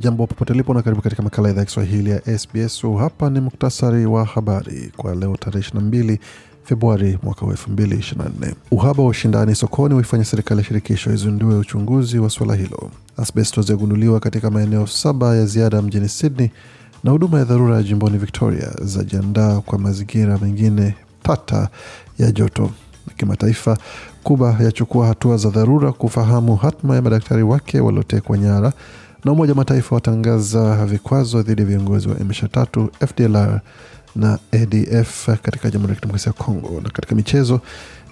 Jambo popote lipo na karibu katika makala idhaa ya Kiswahili ya SBS. Hapa ni muktasari wa habari kwa leo tarehe 22 Februari mwaka wa 2024. Uhaba wa ushindani sokoni waifanya serikali ya shirikisho izindue uchunguzi wa suala hilo. Asbestos yagunduliwa katika maeneo saba ya ziada mjini Sydney, na huduma ya dharura ya jimboni Victoria zajiandaa kwa mazingira mengine tata ya joto. Na kimataifa, Kuba yachukua hatua za dharura kufahamu hatma ya madaktari wake waliotekwa nyara na Umoja wa Mataifa watangaza vikwazo dhidi ya viongozi wa M23, FDLR na ADF katika Jamhuri ya Kidemokrasia ya Kongo. Na katika michezo,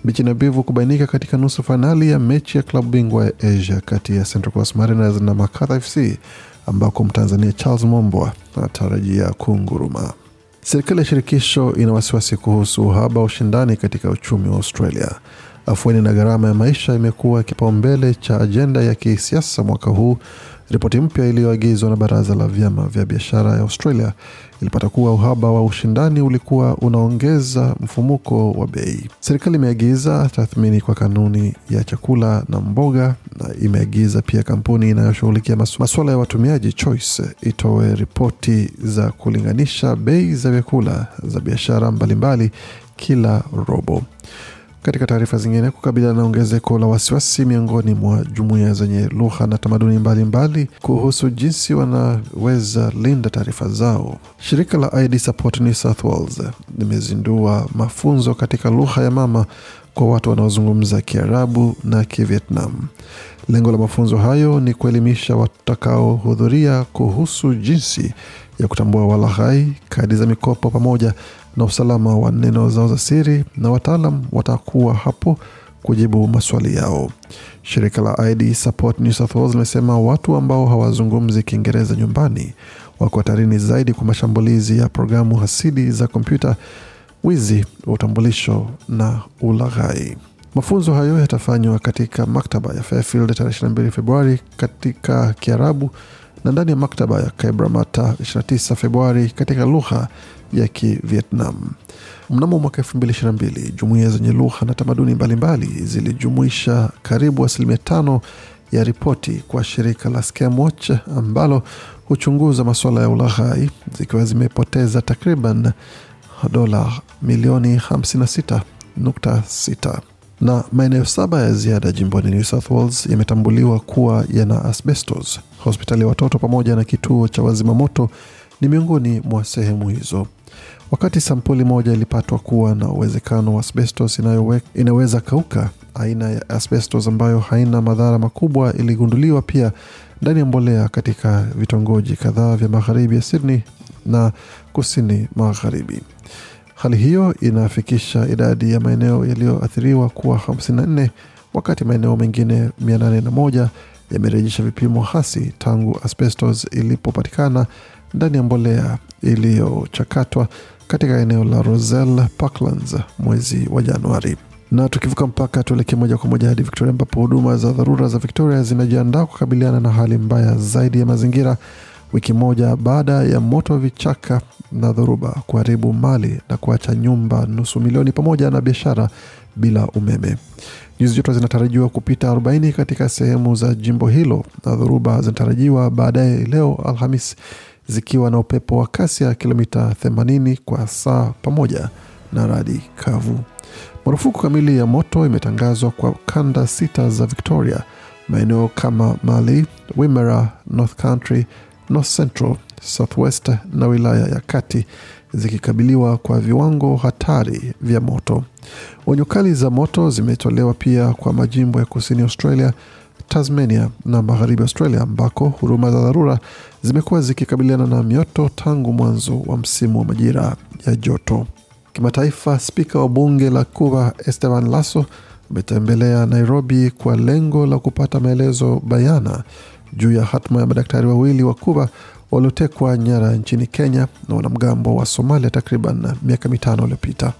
mbichi na mbivu kubainika katika nusu fainali ya mechi ya klabu bingwa ya Asia kati ya Central Coast Mariners na Makadha FC ambako Mtanzania Charles Mombwa anatarajia kunguruma. Serikali ya shirikisho ina wasiwasi kuhusu uhaba wa ushindani katika uchumi wa Australia. Afueni na gharama ya maisha imekuwa kipaumbele cha ajenda ya kisiasa mwaka huu Ripoti mpya iliyoagizwa na baraza la vyama vya biashara ya Australia ilipata kuwa uhaba wa ushindani ulikuwa unaongeza mfumuko wa bei. Serikali imeagiza tathmini kwa kanuni ya chakula na mboga na imeagiza pia kampuni inayoshughulikia masuala ya watumiaji Choice itoe ripoti za kulinganisha bei za vyakula za biashara mbalimbali kila robo. Katika taarifa zingine, kukabiliana na ongezeko la wasiwasi miongoni mwa jumuiya zenye lugha na tamaduni mbalimbali mbali, kuhusu jinsi wanaweza linda taarifa zao, shirika la ID Support New South Wales limezindua mafunzo katika lugha ya mama kwa watu wanaozungumza Kiarabu na Kivietnam. Lengo la mafunzo hayo ni kuelimisha watakaohudhuria kuhusu jinsi ya kutambua walaghai, kadi za mikopo pamoja na usalama wa neno zao za siri na wataalam watakuwa hapo kujibu maswali yao. Shirika la ID Support New South Wales limesema watu ambao hawazungumzi Kiingereza nyumbani wako hatarini zaidi kwa mashambulizi ya programu hasidi za kompyuta, wizi wa utambulisho na ulaghai. Mafunzo hayo yatafanywa katika maktaba ya Fairfield tarehe 22 Februari katika Kiarabu na ndani ya maktaba ya Kaibramata 29 Februari katika lugha ya Kivietnam. Mnamo mwaka 2022 jumuiya zenye lugha na tamaduni mbalimbali zilijumuisha karibu asilimia tano ya ripoti kwa shirika la Scamwatch ambalo huchunguza masuala ya ulaghai, zikiwa zimepoteza takriban dola milioni 56.6 na maeneo saba ya ziada jimboni New South Wales yametambuliwa kuwa yana asbestos. Hospitali ya watoto pamoja na kituo cha wazimamoto ni miongoni mwa sehemu hizo. Wakati sampuli moja ilipatwa kuwa na uwezekano wa asbestos inaweza kauka, aina ya asbestos ambayo haina madhara makubwa iligunduliwa pia ndani ya mbolea katika vitongoji kadhaa vya magharibi ya Sydney na kusini magharibi. Hali hiyo inafikisha idadi ya maeneo yaliyoathiriwa kuwa 54 wakati maeneo mengine 801 yamerejesha vipimo hasi tangu asbestos ilipopatikana ndani ya mbolea iliyochakatwa katika eneo la Roselle Parklands mwezi wa Januari. Na tukivuka mpaka tuelekee moja kwa moja hadi Victoria, ambapo huduma za dharura za Victoria zinajiandaa kukabiliana na hali mbaya zaidi ya mazingira, wiki moja baada ya moto wa vichaka na dhoruba kuharibu mali na kuacha nyumba nusu milioni pamoja na biashara bila umeme. Nyuzi joto zinatarajiwa kupita 40 katika sehemu za jimbo hilo na dhoruba zinatarajiwa baadaye leo Alhamis zikiwa na upepo wa kasi ya kilomita 80 kwa saa pamoja na radi kavu. Marufuku kamili ya moto imetangazwa kwa kanda sita za Victoria, maeneo kama Mali, Wimmera, North Country, North Central Southwest na wilaya ya Kati zikikabiliwa kwa viwango hatari vya moto. Onyo kali za moto zimetolewa pia kwa majimbo ya kusini Australia, Tasmania na magharibi Australia, ambako huduma za dharura zimekuwa zikikabiliana na mioto tangu mwanzo wa msimu wa majira ya joto. Kimataifa, spika wa bunge la Cuba Esteban Lasso ametembelea Nairobi kwa lengo la kupata maelezo bayana juu ya hatma ya madaktari wawili wa Cuba waliotekwa nyara nchini Kenya na wanamgambo wa Somalia takriban miaka mitano iliyopita.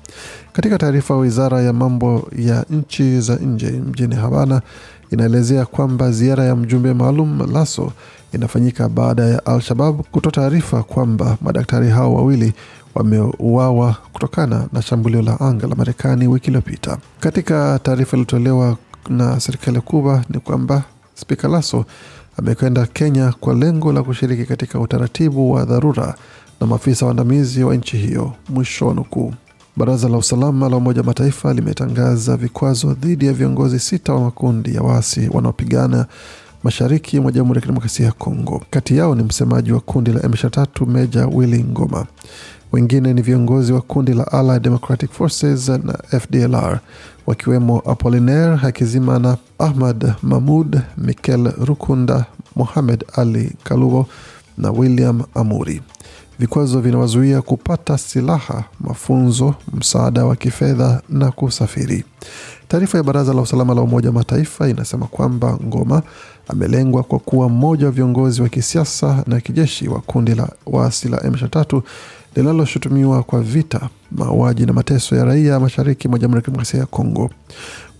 Katika taarifa, wizara ya mambo ya nchi za nje mjini Havana inaelezea kwamba ziara ya mjumbe maalum Lasso inafanyika baada ya Al-Shabab kutoa taarifa kwamba madaktari hao wawili wameuawa kutokana na shambulio la anga la Marekani wiki iliyopita. Katika taarifa iliyotolewa na serikali ya Kuba ni kwamba Spika Laso amekwenda Kenya kwa lengo la kushiriki katika utaratibu wa dharura na maafisa waandamizi wa nchi hiyo, mwisho wa nukuu. Baraza la usalama la Umoja wa Mataifa limetangaza vikwazo dhidi ya viongozi sita wa makundi ya waasi wanaopigana mashariki mwa Jamhuri ya Kidemokrasia ya Kongo. Kati yao ni msemaji wa kundi la M23 Meja Willy Ngoma. Wengine ni viongozi wa kundi la Allied Democratic Forces na FDLR wakiwemo Apollinaire Hakizimana, Ahmad Mahmud, Mikel Rukunda, Mohamed Ali Kaluo na William Amuri. Vikwazo vinawazuia kupata silaha, mafunzo, msaada wa kifedha na kusafiri. Taarifa ya Baraza la Usalama la Umoja wa Mataifa inasema kwamba Ngoma amelengwa kwa kuwa mmoja wa viongozi wa kisiasa na kijeshi wa kundi la waasi la M23 linaloshutumiwa kwa vita, mauaji na mateso ya raia mashariki mwa Jamhuri ya Kidemokrasia ya Kongo.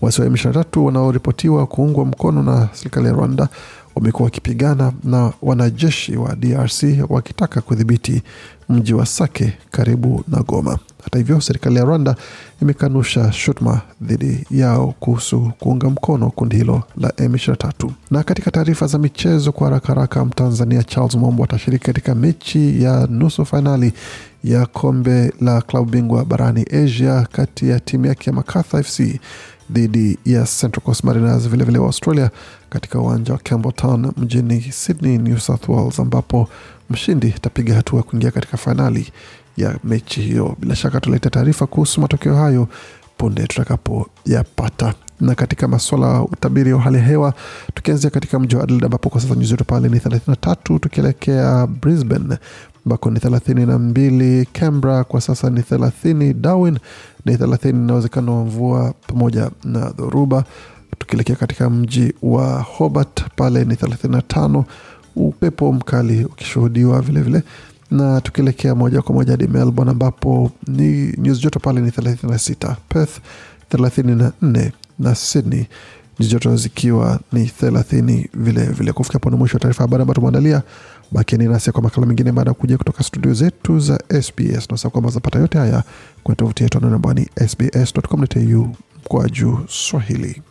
Wasi wa M23 wanaoripotiwa kuungwa mkono na serikali ya Rwanda wamekuwa wakipigana na wanajeshi wa DRC wakitaka kudhibiti mji wa Sake karibu na Goma. Hata hivyo, serikali ya Rwanda imekanusha shutuma dhidi yao kuhusu kuunga mkono kundi hilo la M23. Na katika taarifa za michezo kwa haraka haraka, Mtanzania Charles Mombo atashiriki katika mechi ya nusu fainali ya kombe la klabu bingwa barani Asia kati ya timu yake ya Makatha FC dhidi ya Central Coast Mariners vilevile wa Australia katika uwanja wa Campbelltown mjini Sydney, New South Wales, ambapo mshindi itapiga hatua kuingia katika fainali ya mechi hiyo. Bila shaka tunaleta taarifa kuhusu matokeo hayo punde tutakapoyapata na katika masuala ya utabiri wa hali ya hewa tukianzia katika mji wa Adelaide ambapo kwa sasa nyuzi joto pale ni 33, tukielekea Brisbane ambako ni thelathini na mbili, Canberra kwa sasa ni thelathini, Darwin ni thelathini na uwezekano wa mvua pamoja na dhoruba. Tukielekea katika mji wa Hobart pale ni 35, upepo mkali ukishuhudiwa vilevile vile. Na tukielekea moja kwa moja hadi Melbourne ambapo ni nyuzi joto pale ni 36, Perth 34 na Sydney nyuzi joto zikiwa ni 30 vilevile. Kufikia hapo ni mwisho wa taarifa habari ambayo tumeandalia. Bakieni nasi kwa makala mengine baada ya kuja kutoka studio zetu za SBS. Nasa kwamba zapata yote haya kwenye tovuti yetu anwani ambao ni sbs.com.au mkoa juu Swahili.